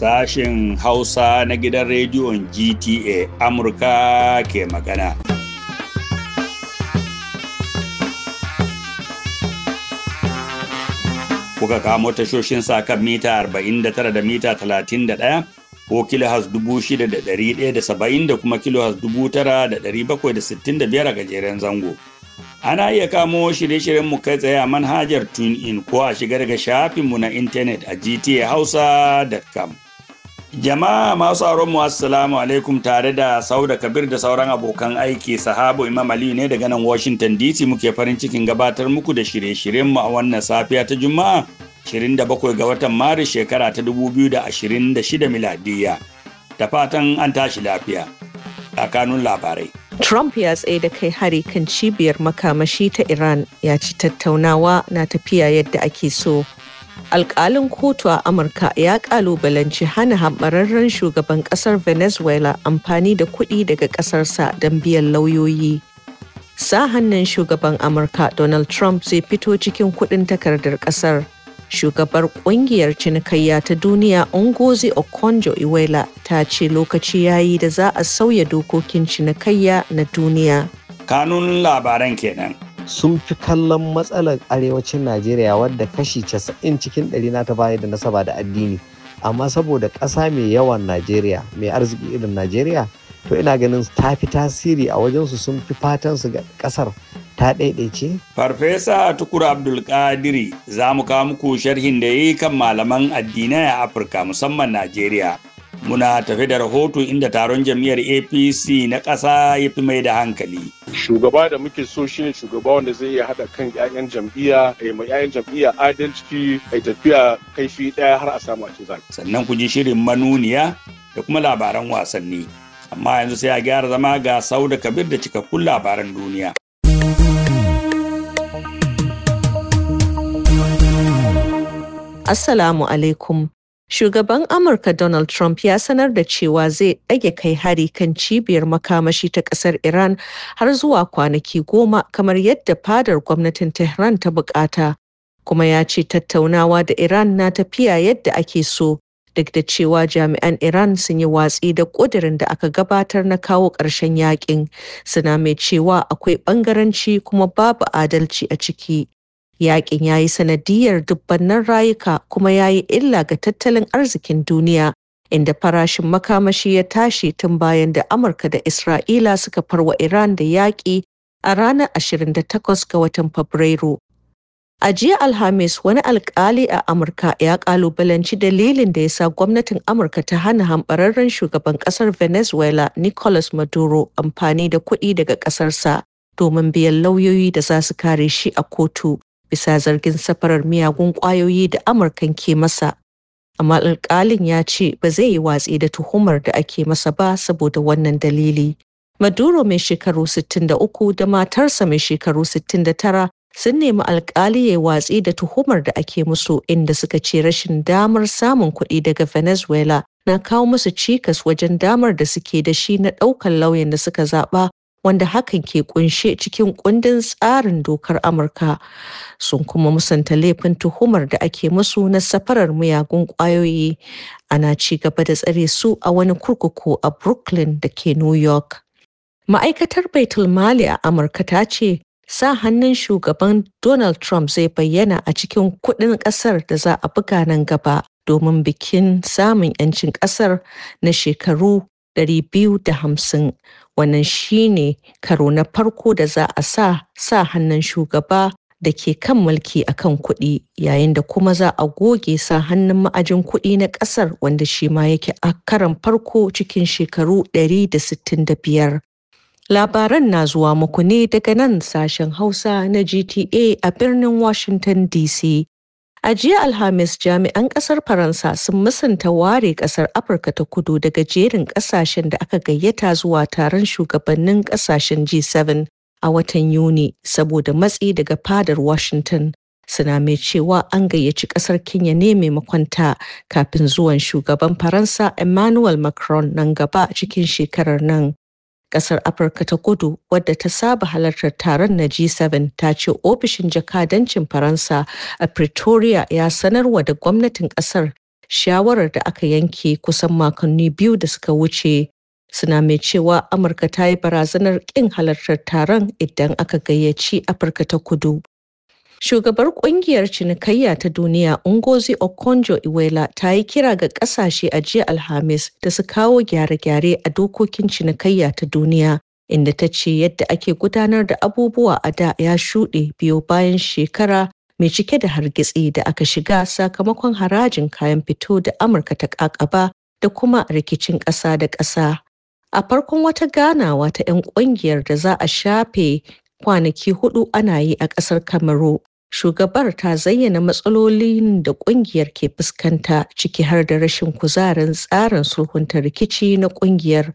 Sashen Hausa na gidan rediyon GTA Amurka ke magana. Kuka kamo tashoshin sa kan mita 49 da mita 31 ko kilohas 6,170 da kuma kilohas 9,765 a gajeren zango. Ana iya kamo shirye-shiryenmu kai tsaye a manhajar TuneIn ko a shiga daga shafinmu na intanet a gtahausa.com. Jama'a masu mu assalamu alaikum tare da Sauda Kabir da sauran abokan aiki sahabo Imam Aliyu ne daga nan Washington DC muke farin cikin gabatar muku da shirye-shiryenmu a wannan safiya ta Juma'a 27 ga watan Maris shekara ta da shida miladiya. Da fatan an tashi lafiya. A kanun labarai. Trump ya tsaye da kai hari kan cibiyar makamashi ta Iran ya ci tattaunawa na tafiya yadda ake so. Alƙalin kotu a Amurka ya ƙalubalanci hana haɓararren shugaban ƙasar Venezuela amfani da kuɗi daga ƙasarsa don biyan lauyoyi. Sa hannun shugaban Amurka Donald Trump zai fito cikin kuɗin takardar ƙasar. shugabar kungiyar cinikayya ta duniya Ngozi Okonjo-Iweala ta ce lokaci yayi da za a sauya dokokin cinikayya na duniya. Kanun labaran kenan. Sun fi kallon matsalar arewacin Najeriya wadda kashi 90 cikin 100 na ta baya da nasaba da addini. Amma saboda ƙasa mai yawan Najeriya, mai arziki irin Najeriya, to ina ganin ta fi tasiri a wajen su sun fi fatan su ga kasar ta ɗaiɗaice? Farfesa Tukur Abdulkadiri za mu kawo muku sharhin da ya yi kan malaman addinai a Afirka musamman Najeriya. Muna tafi da rahoto inda taron jam'iyyar APC na ƙasa ya fi mai da hankali. Shugaba da muke so shine shugaba wanda zai iya haɗa kan 'ya'yan jam'iyya, a mai 'ya'yan jam'iyya adalci, a tafiya kaifi ɗaya har a samu a Sannan ku ji shirin manuniya da kuma labaran wasanni. amma yanzu sai a gyara zama ga sau da kabir da cikakkun labaran duniya. Assalamu alaikum. Shugaban Amurka Donald Trump ya sanar da cewa zai ɗage kai hari kan cibiyar makamashi ta ƙasar Iran har zuwa kwanaki goma kamar yadda fadar gwamnatin Tehran ta bukata. Kuma ya ce tattaunawa da Iran na tafiya yadda ake so duk da cewa jami'an Iran sun yi watsi da ƙudirin da aka gabatar na kawo ƙarshen yakin suna mai cewa akwai ɓangaranci kuma babu adalci a ciki. Yakin ya yi sanadiyar dubbannan rayuka kuma ya yi illa ga tattalin arzikin duniya inda farashin makamashi ya tashi tun bayan da Amurka da Isra'ila suka farwa Iran da yaƙi a ranar 28 ga watan Fabrairu. A jiya Alhamis, wani alƙali a Amurka ya kalubalanci dalilin da ya sa gwamnatin Amurka ta hana hambararren shugaban ƙasar Venezuela Nicolas Maduro amfani da kuɗi daga ƙasarsa domin biyan lauyoyi da za su kare shi a kotu bisa zargin safarar miyagun ƙwayoyi da Amurkan ke masa. Amma alƙalin ya ce ba zai yi watsi da tuhumar da ake masa ba saboda wannan dalili. Maduro mai shekaru 63 da matarsa mai shekaru 69 sun nemi alkali ya watsi da tuhumar da ake musu inda suka ce rashin damar samun kuɗi daga Venezuela na kawo musu cikas wajen damar da suke da shi na ɗaukar lauyan da suka zaɓa wanda hakan ke kunshe cikin kundin tsarin dokar Amurka. Sun kuma musanta laifin tuhumar da ake musu na safarar miyagun ƙwayoyi. Ana ci gaba da tsare su a wani kurkuku a Brooklyn da ke New York. Ma'aikatar baitulmali a Amurka ta ce sa hannun shugaban Donald Trump zai bayyana a cikin kuɗin ƙasar da za a buga nan gaba domin bikin samun 'yancin ƙasar na shekaru 250 wannan shine karo na farko da za a sa sa hannun shugaba da ke kan mulki a kan kuɗi yayin da kuma za a goge sa hannun ma'ajin kuɗi na ƙasar wanda shima yake a karan farko cikin shekaru 165 Labaran na zuwa muku ne daga nan sashen Hausa na GTA a birnin Washington DC. A jiya Alhamis jami'an ƙasar Faransa sun musanta ware ƙasar Afirka ta kudu daga jerin ƙasashen da aka gayyata zuwa taron shugabannin ƙasashen G7 a watan Yuni saboda matsi daga fadar Washington. Suna mai cewa an gayyaci ƙasar Kenya ne maimakon ta kafin zuwan shugaban Faransa Emmanuel Macron nan gaba cikin shekarar nan. Ƙasar Afirka ta kudu wadda ta saba halartar taron na G7 ta ce ofishin jakadancin Faransa a Pretoria ya sanarwa da gwamnatin ƙasar shawarar da aka yanke kusan makonni biyu da suka wuce suna mai cewa amurka ta yi barazanar ƙin halartar taron idan aka gayyaci afirka ta kudu Shugabar kungiyar cinikayya ta duniya Ngozi Okonjo-Iweala ta yi kira ga kasashe a jiya Alhamis da su kawo gyare-gyare a dokokin cinikayya ta duniya inda ta ce yadda ake gudanar da abubuwa a da ya shuɗe biyo bayan shekara mai cike da hargitsi da aka shiga sakamakon harajin kayan fito da Amurka ta ƙaƙaba da kuma rikicin ƙasa da ƙasa. A farkon wata ganawa ta 'yan ƙungiyar da za a shafe kwanaki hudu ana yi a ƙasar Kamaru. Shugabar ta zayyana matsalolin da ƙungiyar ke fuskanta ciki har da rashin kuzarin tsarin sulhunta rikici na ƙungiyar.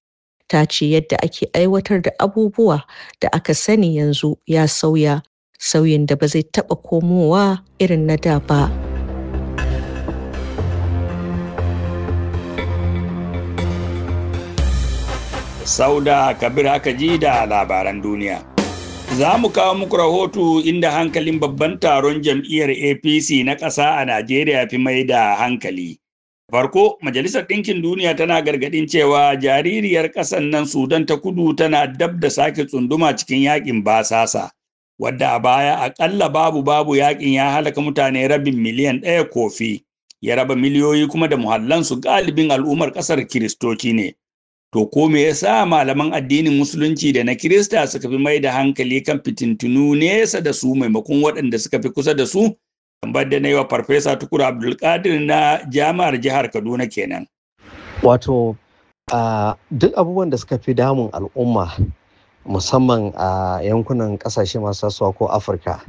Ta ce yadda ake aiwatar da abubuwa da aka sani yanzu ya sauya, sauyin da ba zai taɓa komowa irin na da ba. Sauda Kabir haka ji da labaran duniya. Za mu kawo muku rahoto inda hankalin babban taron jam'iyyar APC na ƙasa a Najeriya fi mai da hankali. Farko, Majalisar Ɗinkin Duniya tana gargaɗin cewa jaririyar ƙasan nan Sudan ta kudu tana dab da sake tsunduma cikin yaƙin basasa, wadda a baya aƙalla babu babu yaƙin ya halaka mutane rabin miliyan ɗaya kofi, ya raba miliyoyi kuma da muhallansu galibin al'ummar ƙasar Kiristoci ne. To ko me yasa malaman addinin musulunci da na Kirista suka fi mai da hankali kan fitintunu nesa da su maimakon waɗanda suka fi kusa da su? Tambar da na yi wa Farfesa Tukur Abdulkadir na jami'ar jihar Kaduna kenan. Wato uh, duk abubuwan da suka fi damun al'umma musamman a yankunan ƙasashe masu tasowa ko Afirka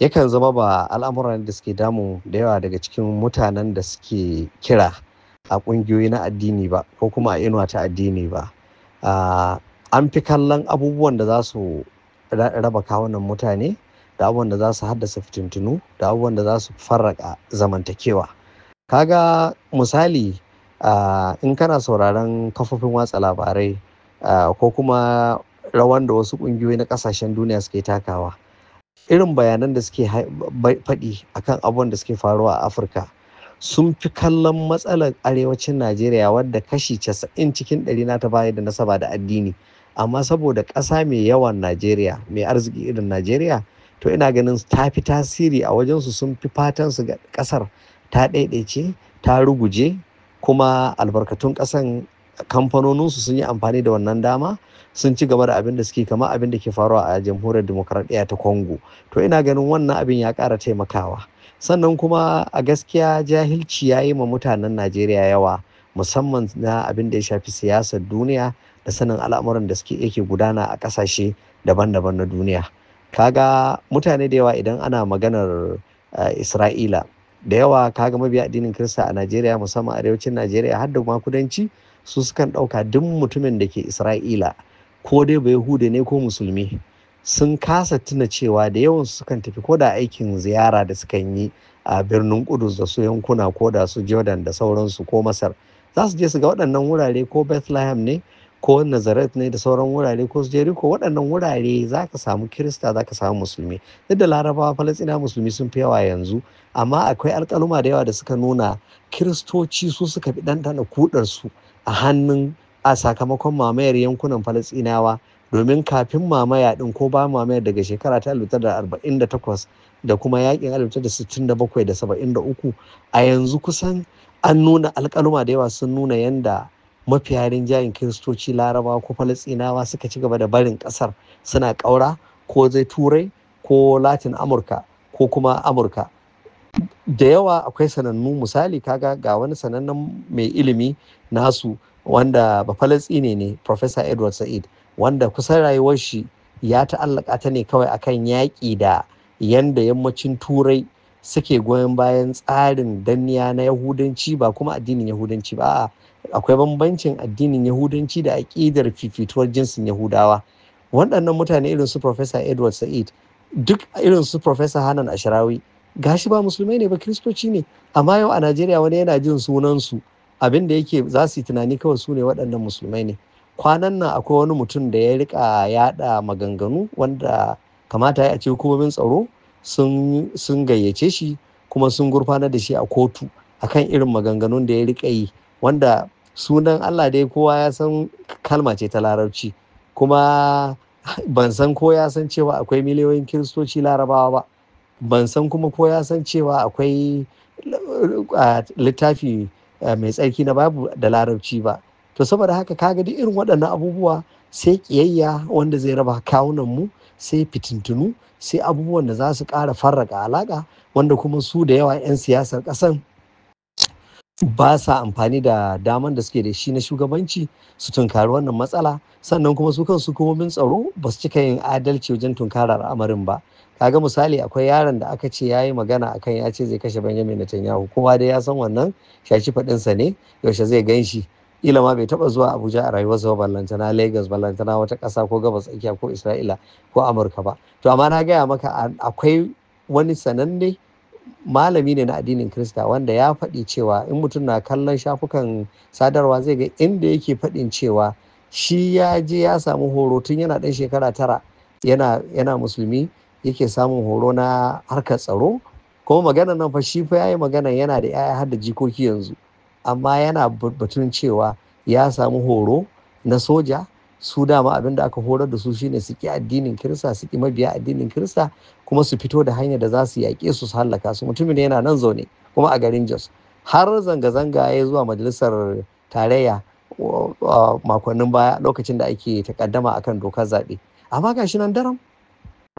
yakan zama ba al'amuran da suke damu da yawa daga cikin mutanen da suke kira. a ƙungiyoyi na addini ba ko kuma a inuwa ta addini ba an fi kallon abubuwan da za su raba kawunan mutane da abubuwan da za su haddasa fitintunu da abubuwan da za su farraka zamantakewa kaga misali in kana sauraron kafofin watsa labarai ko kuma rawan da wasu ƙungiyoyi na ƙasashen duniya suke takawa irin bayanan da suke faɗi akan abubuwan da suke faruwa a afirka sun fi kallon matsalar arewacin najeriya wadda kashi casa'in cikin na ta baya da nasaba da addini amma saboda ƙasa mai yawan najeriya mai arziki irin najeriya to ina ganin ta fi tasiri a wajensu sun fi fatan su ga ƙasar ta ɗaiɗaice ta ruguje kuma albarkatun ƙasan kamfanoninsu sun yi amfani da wannan dama sun ci gaba da abin da suke kama abin da ke faruwa a jamhuriyar demokaradiyya ta congo to ina ganin wannan abin ya ƙara taimakawa sannan kuma a gaskiya jahilci ya yi ma mutanen najeriya yawa musamman na abin da ya shafi siyasar duniya da sanin al'amuran da suke yake gudana a ƙasashe daban-daban na duniya kaga mutane da yawa idan ana maganar eh, isra'ila da yawa kaga mabiya addinin kirista a najeriya musamman arewacin najeriya har da ma kudanci su sukan ɗauka duk mutumin da ke isra'ila ko dai bai hude ne ko musulmi sun kasa tuna cewa da yawan sukan tafi ko da aikin ziyara da sukan yi a birnin kudus da su yankuna ko da su jordan da sauransu ko masar za su je su ga waɗannan wurare ko bethlehem ne ko nazaret ne da sauran wurare ko su jericho waɗannan wurare za ka samu kirista za ka samu musulmi duk da larabawa falasina musulmi sun fi yawa yanzu amma akwai alƙaluma da yawa da suka nuna kiristoci su suka fi ɗanɗana kudarsu a hannun a sakamakon mamayar yankunan falasinawa domin kafin mamaya din ko ba mamaya daga shekara ta 1948 da kuma yakin 1967 da 73 a yanzu kusan an nuna alkaluma da yawa sun nuna yanda mafiya rinjayen kiristoci laraba ko falastinawa suka ci gaba da barin kasar suna ƙaura ko zai turai ko latin amurka ko kuma amurka da yawa akwai sanannu misali kaga ga wani sanannen mai ilimi nasu wanda ba falastine ne professor edward sa'id wanda kusan rayuwar shi ya ta'allaka ta ne kawai akan yaƙi da yanda yammacin turai suke goyon bayan tsarin danniya na yahudanci ba kuma addinin yahudanci ba akwai bambancin addinin yahudanci da aƙidar fifituwar jinsin yahudawa waɗannan mutane irin su professor edward sa'id duk irin su professor hanan ashirawi gashi ba musulmai ne ba kiristoci ne amma yau a najeriya wani yana jin sunansu abin da yake za su yi tunani kawai su ne waɗannan musulmai ne kwanan nan akwai wani mutum da ya rika yaɗa maganganu wanda kamata ya ce hukumomin tsaro sun gayyace shi kuma sun gurfanar da shi a kotu akan irin maganganun da ya rika yi wanda sunan Allah dai kowa ya san kalma ce ta larabci kuma ban san ko ya san cewa akwai miliyoyin kiristoci larabawa ba ban san kuma ko ya san cewa akwai eh, littafi eh, mai tsarki na babu da larabci ba to saboda haka kaga duk irin waɗannan abubuwa sai ƙiyayya wanda zai raba kawunan mu sai fitintunu sai abubuwan da za su ƙara farraga alaƙa wanda kuma su da yawa 'yan siyasar ƙasan ba sa amfani da daman da suke da shi na shugabanci su tunkari wannan matsala sannan kuma su kansu hukumomin tsaro ba su cika yin adalci wajen tunkarar amarin ba kaga misali akwai yaron da aka ce yayi magana akan ya ce zai kashe Benjamin Netanyahu kowa dai ya san wannan shashi faɗinsa ne yaushe zai gan shi kila ma bai taba zuwa abuja a rayuwarsa zuwa ballantana lagos ballantana wata kasa ko gabas tsakiya ko isra'ila ko amurka ba to amma na gaya maka akwai wani sananne malami ne na addinin krista wanda ya faɗi cewa in mutum na kallon shafukan sadarwa zai ga inda yake faɗin cewa shi ya je ya samu horo tun yana ɗan shekara tara yana, yana musulmi yake samun horo na harkar tsaro kuma magana nan fa shi fa yayi magana yana da 'ya'ya har da jikoki yanzu amma yana batun cewa ya samu horo na soja su dama abinda aka horar da su shine su ki addinin kirista su ki mabiya addinin kirista kuma su fito da hanyar da za su yaƙe su su hallaka su mutumin yana nan zaune kuma a garin jos har zanga-zanga ya zuwa majalisar tarayya makonnin baya lokacin da ake takaddama akan dokar zaɓe amma ga nan daram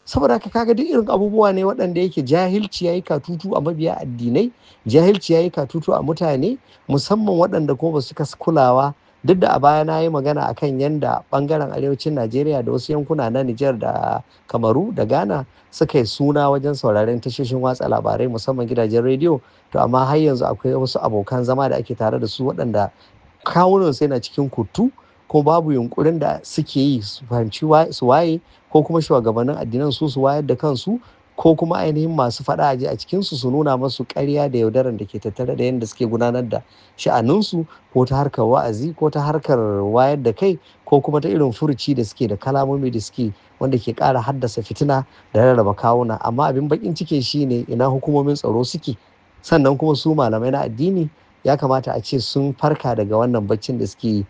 saboda ka kaga duk irin abubuwa ne waɗanda yake jahilci ya yi katutu a mabiya addinai jahilci ya yi katutu a mutane musamman waɗanda ko ba su kulawa duk da a baya na yi magana a kan yanda bangaren arewacin najeriya da wasu yankuna na nijar da kamaru da ghana suka yi suna wajen sauraren tashoshin watsa labarai musamman gidajen rediyo to amma har yanzu akwai wasu abokan zama da ake tare da su waɗanda kawunan sai na cikin kutu ko babu yunkurin da suke yi su fahimci su waye ko kuma shugabannin addinan su su wayar da kansu ko kuma ainihin masu faɗa aji a cikinsu su nuna masu ƙarya da yaudaran da ke tattare da yadda suke gudanar da sha'aninsu ko ta harkar wa'azi ko ta harkar wayar da kai ko kuma ta irin furuci da suke da kalamomi da suke wanda ke ƙara haddasa fitina da rarraba kawuna amma abin bakin ciki shine ina hukumomin tsaro suke sannan kuma su malamai na addini ya kamata a ce sun farka daga wannan baccin da suke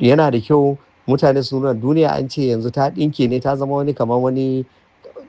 yana da kyau mutane su nuna duniya an ce yanzu ta ɗinke ne ta zama wani kamar wani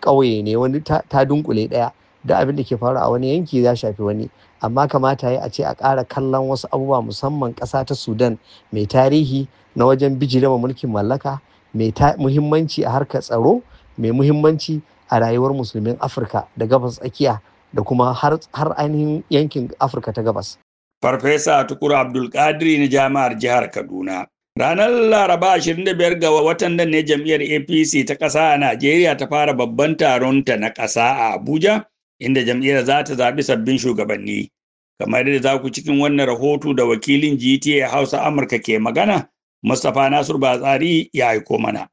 ƙauye ne wani ta dunkule ɗaya da abin da ke faru a wani yanki ya shafi wani amma kamata ya a ce a ƙara kallon wasu abubuwa musamman ƙasa ta sudan mai tarihi na wajen bijirama mulkin mallaka mai muhimmanci a harkar tsaro mai muhimmanci a rayuwar musulmin afirka da gabas tsakiya da kuma har ainihin yankin afirka ta gabas farfesa tukur abdulkadiri na jami'ar jihar kaduna Ranar Laraba 25 ga watan nan ne jam'iyyar APC ta ƙasa a Najeriya ta fara babban taronta na ƙasa a Abuja, inda jam'iyyar za ta zaɓi sabbin shugabanni. Kamar yadda za ku cikin wannan rahoto da wakilin GTA Hausa Amurka ke magana, Mustapha Nasir Batsari ya aiko mana.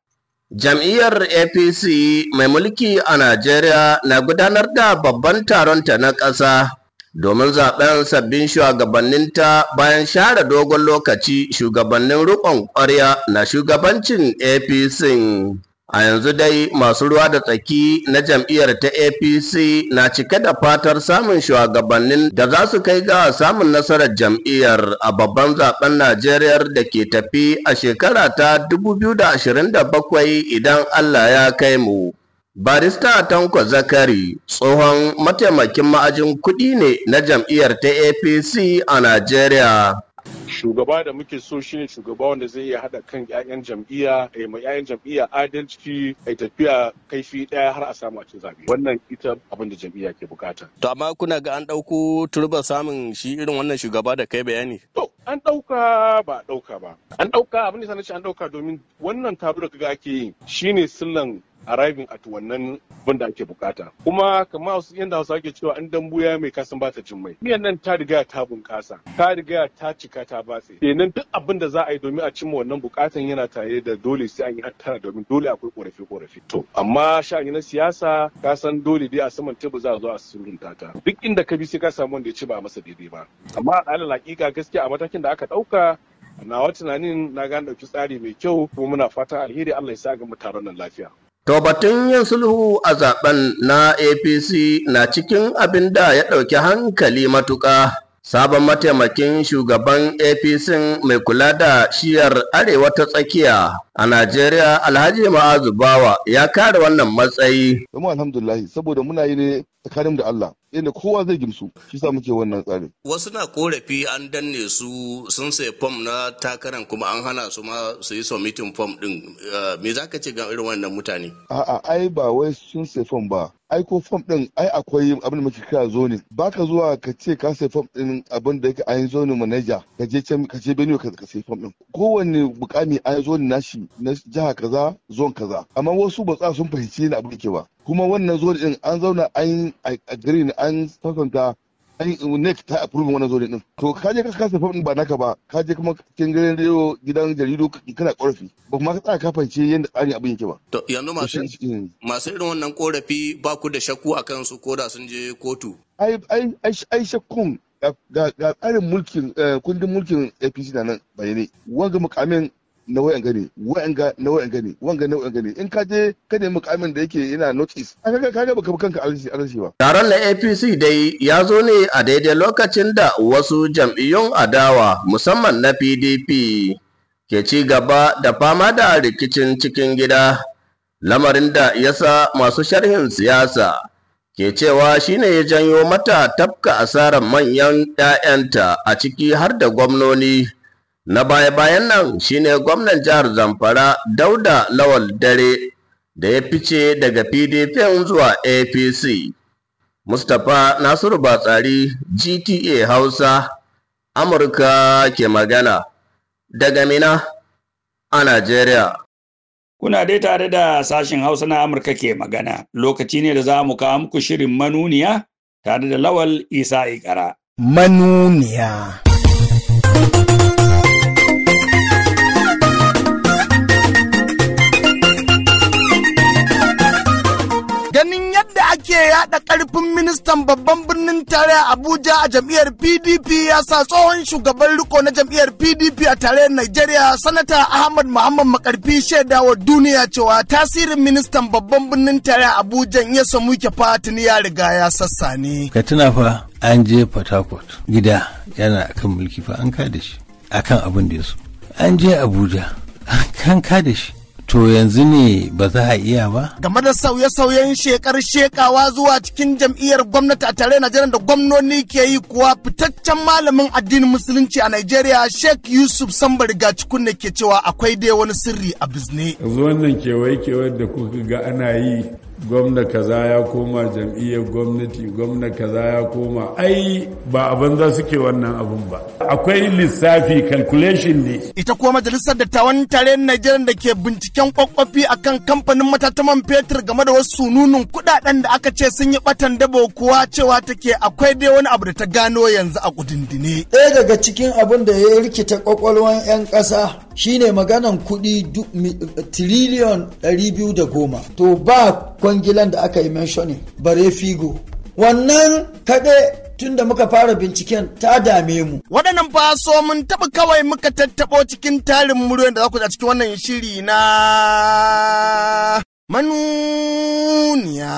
Jam'iyyar APC mai mulki a Najeriya na gudanar da babban taronta na ƙasa domin zaben sabbin shugabanninta bayan share dogon lokaci shugabannin rukon ƙwarya na shugabancin apc a yanzu dai masu ruwa da tsaki na jam'iyyar ta apc na cike da fatar samun shugabannin da za su kai ga samun nasarar jam'iyyar a babban zaben najeriya da ke tafi a shekara ta 2027 idan allah ya kai mu Barista Tanko Zakari tsohon mataimakin ma'ajin kuɗi ne na jam'iyyar ta APC a Najeriya. Shugaba da muke so shine shugaba wanda zai iya haɗa kan 'ya'yan jam'iyya, a eh, mai 'ya'yan jam'iyya adalci, a tafiya kaifi ɗaya har a samu a cin zaɓe. Wannan ita abin da jam'iyya ke bukata. To amma kuna ga an ɗauko turba samun shi irin wannan shugaba da kai bayani? To an ɗauka ba a ɗauka ba. An ɗauka abin da sanar an ɗauka domin wannan taro da kaga ake yi shine sillan arriving at wannan bin da ake bukata kuma kamar yadda hausa ake cewa an dambu ya mai kasan ba ta jimmai miyan nan ta riga ta bunkasa ta riga ta cika ta batse kenan duk abin da za a yi domin a cimma wannan bukatan yana tare da dole sai an yi hattara domin dole akwai korafi korafi to amma sha'ani na siyasa ka san dole dai a saman tebu za a zo a surunta ta duk inda ka bi sai ka samu wanda ya ci ba masa daidai ba amma a alal hakika gaskiya a matakin da aka dauka wata tunanin na gane ɗauki tsari mai kyau kuma muna fatan alheri Allah ya sa ga mu lafiya To batun yin sulhu a zaben na APC na cikin abin da ya ɗauki hankali matuƙa. Sabon mataimakin shugaban APC mai kula da shiyar arewa ta tsakiya a Najeriya Alhaji Ma'azu Bawa ya kare wannan matsayi. alhamdulahi saboda muna yi ne tsakanin da Allah. inda kowa zai gimsu shi sa muke wannan tsari. Wasu na korafi an danne su sun sai fom na takaran kuma an hana su ma su yi submitin fom din eh, me za ka ce ga irin wannan mutane? A'a ai ba wai sun sai fom ba ai ko fom din ai akwai abin da muke kira zonin baka zuwa ka ce ka sai fom din abin da yake ai zonin manaja ka je can ka je Benue ka sai fom din kowanne bukami ai zonin nashi na jiha kaza zone kaza amma wasu ba sun fahimci ni abin ke ba kuma wannan zonin din an zauna an agree an sasanta an net ta approve wannan zone din to ka je ka kasa fadin ba naka ba ka je kuma cikin gidan rediyo gidan jaridu kana korafi ba kuma ka tsaya ka fance yadda tsarin abin yake ba to yanzu masu irin wannan korafi ba ku da shakku akan su ko da sun je kotu ai ai ai shakkun ga tsarin mulkin eh, kundin mulkin APC na nan bayanai wanga mukamin na na wanga na in ka je ka nemi da yake yana kaga baka kanka arziki arziki ba taron na APC dai ya zo ne a daidai lokacin da wasu jam'iyyun adawa musamman na PDP ke ci gaba da fama da rikicin cikin gida lamarin da yasa masu sharhin siyasa ke cewa shine ya janyo mata tafka asarar manyan 'ya'yanta a ciki har da gwamnoni na baya-bayan nan shine gwamnan jihar zamfara dauda lawal dare da ya fice daga pdp zuwa apc mustapha nasiru batsari gta hausa amurka ke magana daga mina a najeriya Kuna dai tare da sashen Hausa na Amurka ke magana, lokaci ne da za mu kawo muku shirin manuniya tare da Lawal Isa Ikara. Manuniya. haɗa ƙarfin ministan babban birnin tarayya Abuja a jam'iyyar PDP ya sa tsohon shugaban riko na jam'iyyar PDP a tarayyar Najeriya sanata Ahmad Muhammad Makarfi shaida wa duniya cewa tasirin ministan babban birnin tarayya Abuja ya samu fatin ya riga ya sassa ne. Ka tuna fa an je Port gida yana kan mulki fa an kada shi akan abin da ya so. An je Abuja an kada shi to yanzu ne ba za a iya ba? Game da sauye-sauyen shekar shekawa zuwa cikin jam'iyyar gwamnati a tare Najeriya da gwamnoni ke yi kuwa fitaccen malamin addinin musulunci a Najeriya Sheikh Yusuf Sambari ga cikin ke cewa akwai dai wani sirri a bizne. Yanzu wannan kewaye-kewaye da kuka ga ana yi gwamna kaza ya koma jam'iyyar gwamnati gwamna kaza ya koma ai ba abin za suke wannan abin ba akwai lissafi calculation ne ita kuwa majalisar dattawan tare Najeriya da ke binciken kwakwafi akan kamfanin matataman fetur game da wasu nunun kudaden da aka ce sun yi batan dabo kuwa cewa take akwai dai wani abu da ta gano yanzu a kudindine ɗaya daga cikin abin da ya rikita kwakwalwan 'yan ƙasa shine maganan kuɗi tiriliyon goma. to ba kwangilan da aka yi mentioning bare figo wannan kaɗe tun da muka fara binciken ta dame mu. Waɗannan faso so mun taɓa kawai muka tattaɓo cikin tarin muryoyin da za ku a cikin wannan shiri na manuniya.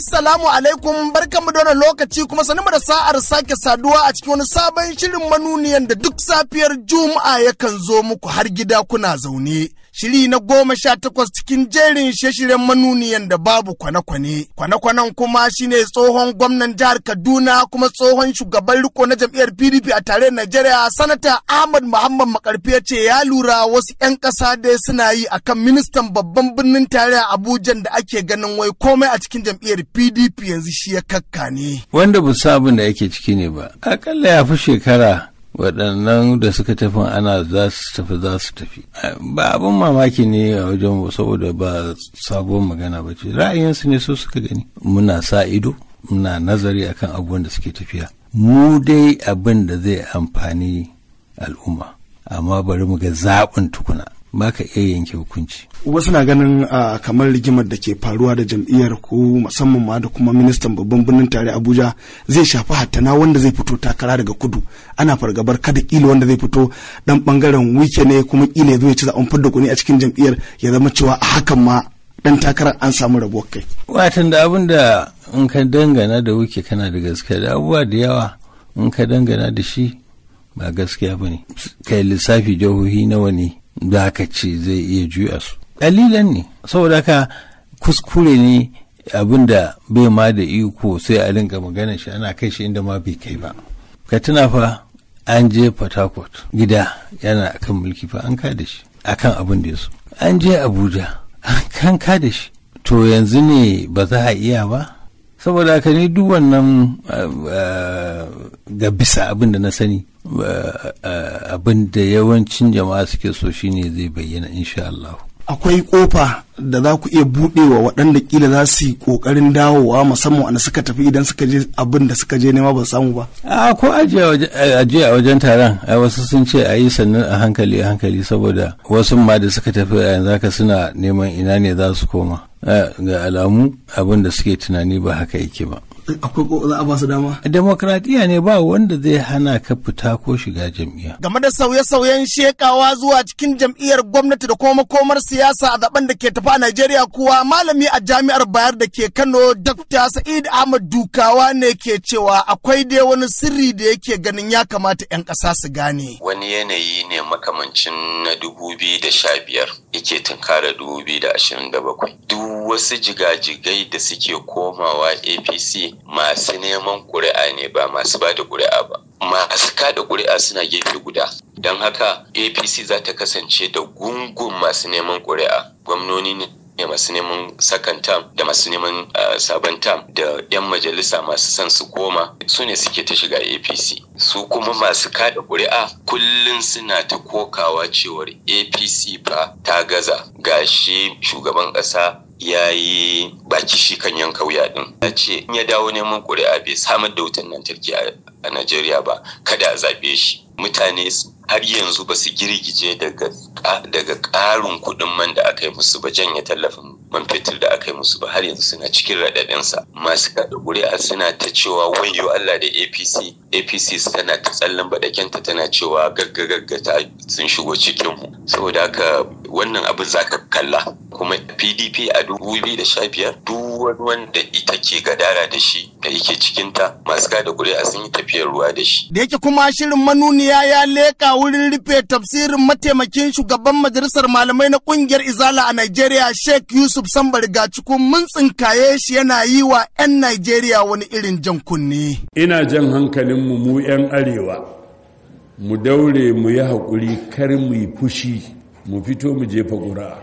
Assalamu alaikum barkanmu da wani lokaci kuma sanmu da sa'ar sake saduwa a cikin wani sabon shirin manuniyan da duk safiyar Juma'a yakan zo muku har gida kuna zaune. shiri na goma sha takwas cikin jerin shirye-shiryen manuniyan da babu kwane-kwane. Kwane-kwanen kuma shi ne tsohon gwamnan jihar Kaduna kuma tsohon shugaban riko na jam'iyyar PDP a tare Najeriya sanata Ahmad Muhammad Makarfi ya ce ya lura wasu 'yan ƙasa da suna yi a kan ministan babban birnin tarayya Abuja da ake ganin wai komai a cikin jam'iyyar PDP yanzu shi ya kakka ne. Wanda ba sabon da yake ciki ne ba. Akalla ya fi shekara waɗannan da suka tafi ana za su tafi za su tafi ba abin mamaki ne a wajen saboda ba sabuwar magana ba ce ra'ayinsu ne so suka gani muna sa ido muna nazari akan abubuwan da suke tafiya mu dai abin da zai amfani al'umma amma bari mu ga zaɓin tukuna ba ka iya yanke hukunci. Wasu na ganin kamar rigimar da ke faruwa da jam'iyyar ku musamman ma da kuma ministan babban birnin tare Abuja zai shafi hattana wanda zai fito takara daga kudu ana fargabar kada kila wanda zai fito dan bangaren wike ne kuma kila zai ci zaɓen fidda kuni a cikin jam'iyyar ya zama cewa a hakan ma dan takarar an samu rabuwar kai. Watan da abin da in ka dangana da wuke kana da gaske da abubuwa da yawa in ka dangana da shi ba gaskiya ba ne. Kai lissafi jihohi nawa ne za ka ce zai iya juya su Dalilan ne saboda haka kuskure ne abin da bai ma da iko sai a rinka magana shi ana kai shi inda ma bai kai ba ka tuna fa an je Fatakot gida yana akan mulki fa an kada shi akan abin da yasu. an je abuja an kan kada shi to yanzu ne ba za a iya ba saboda haka ni duk wannan ga eh, bisa abin da na sani eh, eh, abin da yawancin jama'a suke so shine zai bayyana insha Allah akwai kofa da za ku iya buɗewa waɗanda kila za su yi ƙoƙarin dawowa musamman wanda suka tafi idan suka je abin da suka je nema ba samu ba. A ko ajiya a wajen taron a wasu sun ce a yi sannan a hankali a hankali saboda wasu ma da suka tafi a yanzu haka suna neman ina ne za su koma. Ga alamu abin da suke tunani ba haka yake ba. akwai ko za a ba su dama demokradiyya ne ba wanda zai hana ka fita ko shiga jam'iyya game da sauye-sauyen shekawa zuwa cikin jam'iyyar gwamnati da kuma makomar siyasa a zaben da ke tafi a Najeriya kuwa malami a jami'ar Bayar da ke Kano Dr. Sa'id Ahmad Dukawa ne ke cewa akwai dai wani sirri da yake ganin ya kamata 'yan ƙasa su gane wani yanayi ne makamancin na dubu biyu da sha biyar yake tunkara da duk wasu jigajigai da suke komawa apc masu neman ƙuri'a ne ba masu ba da ƙuri'a ba masu kada ƙuri'a suna gefe guda don haka apc za ta kasance da gungun masu neman ƙuri'a gwamnoni ne ne masu neman sakan tam da masu neman eh, sabon tam da 'yan majalisa masu son su koma su ne suke ta shiga apc su kuma masu kada ƙuri'a kullum suna ta kokawa cewar apc fa ta gaza gashi shugaban ƙasa ya yi baki shi kan yanka wuya din ya ce in ya dawo neman ƙuri'a bai samar da wutan lantarki a najeriya ba kada a zaɓe shi mutane har yanzu ba su girgije daga ƙarin kuɗin man da aka yi musu ba janye tallafin man fetur da aka yi musu ba har yanzu suna cikin raɗaɗinsa masu kaɗa ƙuri'a suna ta cewa yau Allah da APC APC tana ta tsallan baɗakenta tana cewa gagga ta sun shigo cikin mu saboda haka wannan abin za ka kalla kuma pdp a 2015 duk wani wanda ita ke gadara da shi da yake cikinta masu kada kuri'a sun yi tafiyar ruwa da shi da yake kuma shirin manuniya ya leka wurin rufe tafsirin mataimakin shugaban majalisar malamai na kungiyar izala a Najeriya Sheikh Yusuf Sambar Gaciku mun tsinkaye shi yana yi wa 'yan Najeriya wani irin jan kunne. Ina jan hankalin mu mu 'yan arewa mu daure mu yi haƙuri kar mu yi fushi mu fito mu jefa ƙura'a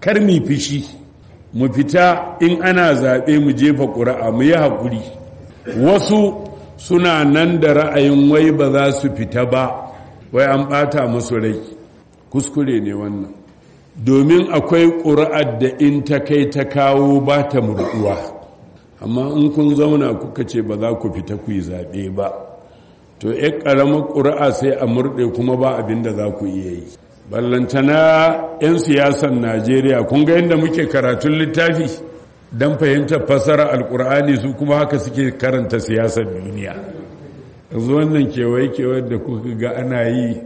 kar mu fishi mu fita in ana zaɓe mu jefa ƙura'a mu yi haƙuri wasu suna nan da ra'ayin wai ba za su fita ba wai an ɓata masu rai kuskure ne wannan domin akwai ƙura'ar da in ta kai ta kawo ba ta murɗuwa amma in kun zauna kuka ce ba za ku fita ku yi zaɓe ba to ƴan ƙaramar ƙura'a sai a murɗe kuma ba abin da za ku iya yi ballantana 'yan siyasan najeriya kun ga yadda muke karatun littafi don fahimtar fasara alkur'ani su kuma haka suke karanta siyasar duniya yanzu wannan kewaye-kewaye da kuka ga ana yi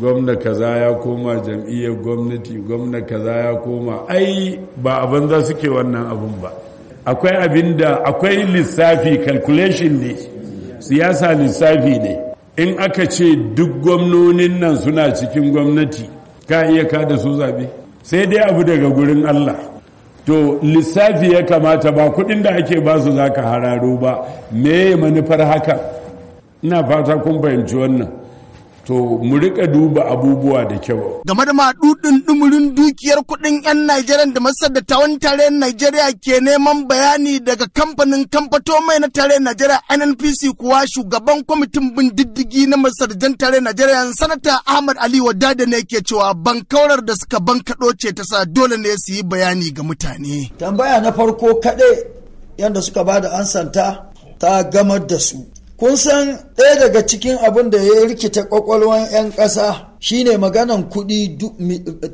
gwamna kaza ya koma jam'iyyar gwamnati gwamna kaza ya koma ai ba abin za suke wannan abin ba akwai abin da akwai lissafi calculation ne siyasa lissafi ne in aka ce duk gwamnonin nan suna cikin gwamnati ka iya kada su zabe sai dai abu daga gurin Allah to lissafi ya kamata ba kudin da ake ba su zaka hararo ba me manufar haka ina fata kun fahimci wannan to mu rika duba abubuwa da kyau. Game da maɗuɗin ɗumurin dukiyar kuɗin 'yan Najeriya da masar da tawon tarayyar Najeriya ke neman bayani daga kamfanin kamfato mai na tarayyar Najeriya NNPC kuwa shugaban kwamitin bin diddigi na masar jan tarayyar Najeriya sanata Ahmad Ali Wadada ne ke cewa bankaurar da suka bankaɗo ce ta sa dole ne su yi bayani ga mutane. Tambaya na farko kaɗai yadda suka ba da ansanta ta gamar da su kun san ɗaya daga cikin abin da ya rikita kwakwalwan 'yan ƙasa shine maganan kuɗi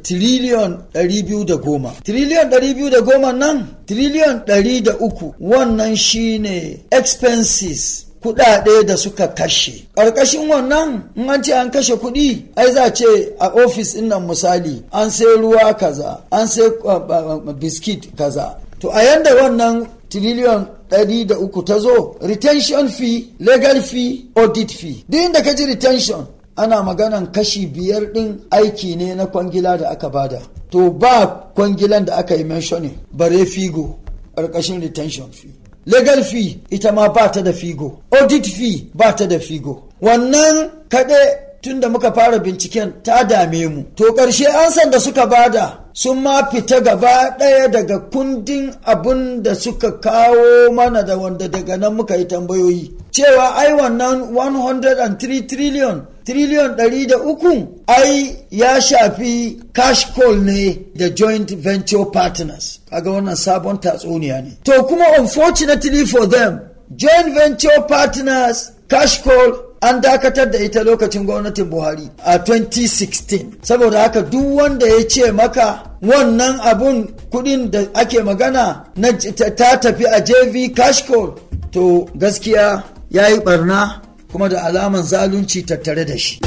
tiriliyon 210 tiriliyon 210 nan tiriliyon 300 wannan shine expenses kuɗaɗe da suka kashe ƙarƙashin wannan in an ce an kashe kuɗi ai za ce a ofis ɗin nan misali an sai ruwa kaza an sai uh, uh, uh, biskit kaza to a yanda wannan tiriliyon ɗari da uku ta zo retention fee legal fee audit fee duk inda ka ji retention ana maganan kashi biyar ɗin aiki ne na kwangila da aka bada to ba kwangilan da aka yi mentioning bare figo ƙarƙashin retention fee legal fee ita ma ba ta da figo audit fee ba ta da figo wannan kaɗe tun da muka fara binciken ta dame mu to ƙarshe an da suka bada sun ma fita gaba ɗaya daga kundin abin da suka kawo mana da wanda daga nan muka yi tambayoyi cewa ai wannan 103 trillion trillion ɗari da uku ai ya shafi cash call ne da joint venture partners kaga wannan sabon tatsuniya ne to kuma unfortunately for them joint venture partners cash call an dakatar da ita lokacin gwamnatin buhari a 2016 saboda haka duk wanda ya ce maka wannan abun kudin da ake magana na ta tafi a jv cash call to gaskiya ya yi barna kuma da alaman zalunci tattare da shi.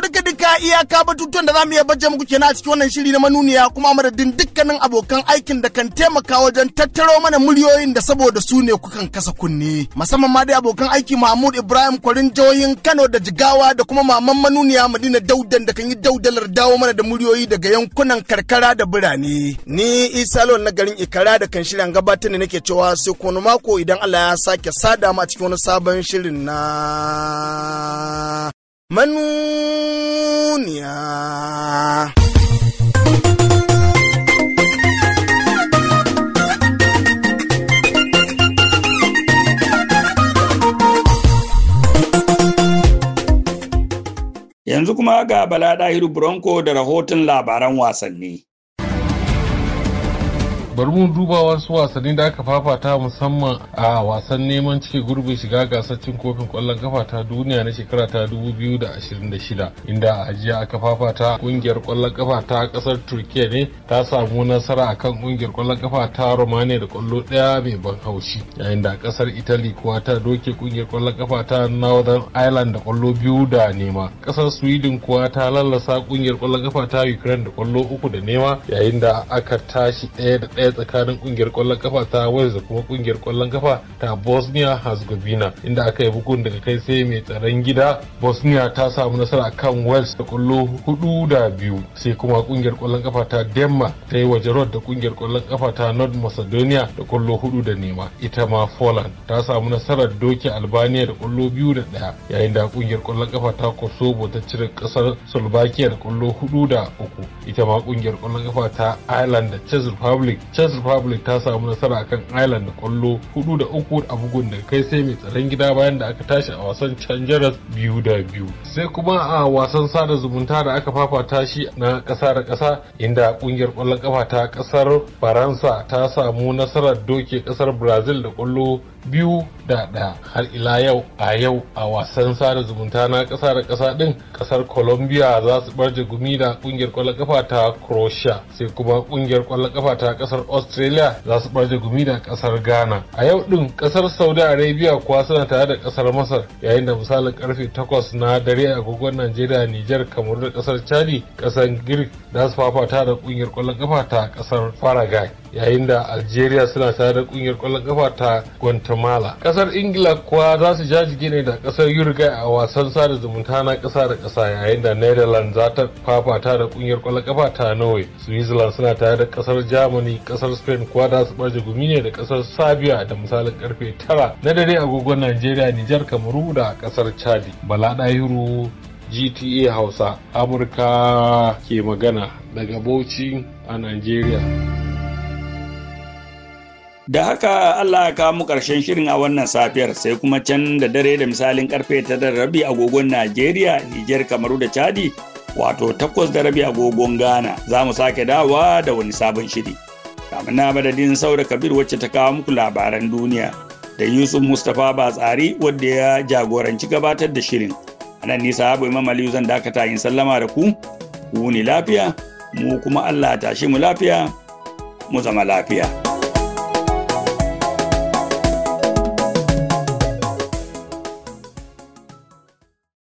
to duka duka iyaka batutuwan da zamu iya baje muku kenan a cikin wannan shiri na manuniya kuma madadin dukkanin abokan aikin da kan taimaka wajen tattaro mana muryoyin da saboda su ne kukan kasa kunne musamman ma dai abokan aiki Mahmud Ibrahim Kwarin jihohin Kano da Jigawa da kuma maman manuniya Madina Daudan da kan yi daudalar dawo mana da muryoyi daga yankunan karkara da birane ni Isa Lon na garin Ikara da kan shirin gabatar da nake cewa sai kuma mako idan Allah ya sake sada mu a cikin wani sabon shirin na manuniya. Yanzu kuma ga Bala Ɗahiru Bronco da rahoton labaran wasanni. bari mu duba wasu wasannin da aka fafata musamman a wasan neman cike gurbin shiga gasar cin kofin kwallon kafa ta duniya na shekara ta 2026 inda a jiya aka fafata kungiyar kwallon kafa ta kasar turkiya ne ta samu nasara akan kungiyar kwallon kafa ta romania da kwallo daya mai ban haushi yayin da kasar italy kuwa ta doke kungiyar kwallon kafa ta northern ireland da kwallo biyu da nema kasar sweden kuwa ta lalasa kungiyar kwallon kafa ta ukraine da kwallo uku da nema yayin da aka tashi daya da daya daya tsakanin kungiyar kwallon kafa ta Wales da kuma kungiyar kwallon kafa ta Bosnia Herzegovina inda aka yi bugun daga kai sai mai tsaron gida Bosnia ta samu nasara kan Wales da kwallo hudu da biyu sai kuma kungiyar kwallon kafa ta Denmark ta yi waje da kungiyar kwallon kafa ta North Macedonia da kwallo hudu da nema ita ma Poland ta samu nasarar doki Albania da kwallo biyu da ɗaya yayin da kungiyar kwallon kafa ta Kosovo ta cire kasar Slovakia da kwallo hudu da uku ita ma kungiyar kwallon kafa ta Ireland da Czech Republic czech republic ta samu nasara akan ireland da kwallo hudu da uku a bugun da kai sai mai tsaron gida bayan da aka tashi a wasan canjaras biyu da biyu sai kuma a wasan sada zumunta da aka fafata shi na kasa da kasa inda kungiyar kwallon kafa ta kasar faransa ta samu nasarar doke kasar brazil da kwallo biyu da ɗaya har ila yau a yau a wasan sada zumunta na ƙasa da ƙasa ɗin ƙasar colombia za su barje gumi da ƙungiyar ƙwallon ƙafa ta croatia sai kuma ƙungiyar ƙwallon ƙafa ta ƙasar australia za su barje gumi da ƙasar ghana a yau ɗin ƙasar saudi arabia kuwa suna tare da ƙasar masar yayin da misalin ƙarfe takwas na dare a agogon najeriya Niger, kamar da ƙasar chadi ƙasar greek za su fafata da ƙungiyar ƙwallon ƙafa ta ƙasar Faragai. yayin da algeria suna tare da kungiyar kwallon kafa ta guatemala kasar ingila kuwa za su jajige ne da kasar uruguay a wasan sada zumunta na kasa da kasa yayin da netherlands za ta fafata da kungiyar kwallon kafa ta norway switzerland suna tare da kasar germany kasar spain kuwa za su barje gumi ne da kasar serbia da misalin karfe tara. na dare agogon nigeria niger kamaru da kasar chadi bala dahiru gta hausa amurka ke magana daga bauchi a nigeria Da haka Allah ya kawo mu ƙarshen shirin a wannan safiyar sai kuma can da dare da misalin karfe ta da rabi agogon Najeriya, Nijar, Kamaru da Chadi, wato takwas da rabi agogon Ghana. Za mu sake dawa da wani sabon shiri. Kamin na madadin Saura Kabir wacce ta kawo muku labaran duniya da Yusuf Mustapha Batsari wadda ya jagoranci gabatar da shirin. A nan nisa Abu Imam Aliyu zan dakata yin sallama da ku, ku ni lafiya, mu kuma Allah tashi mu lafiya, mu zama lafiya.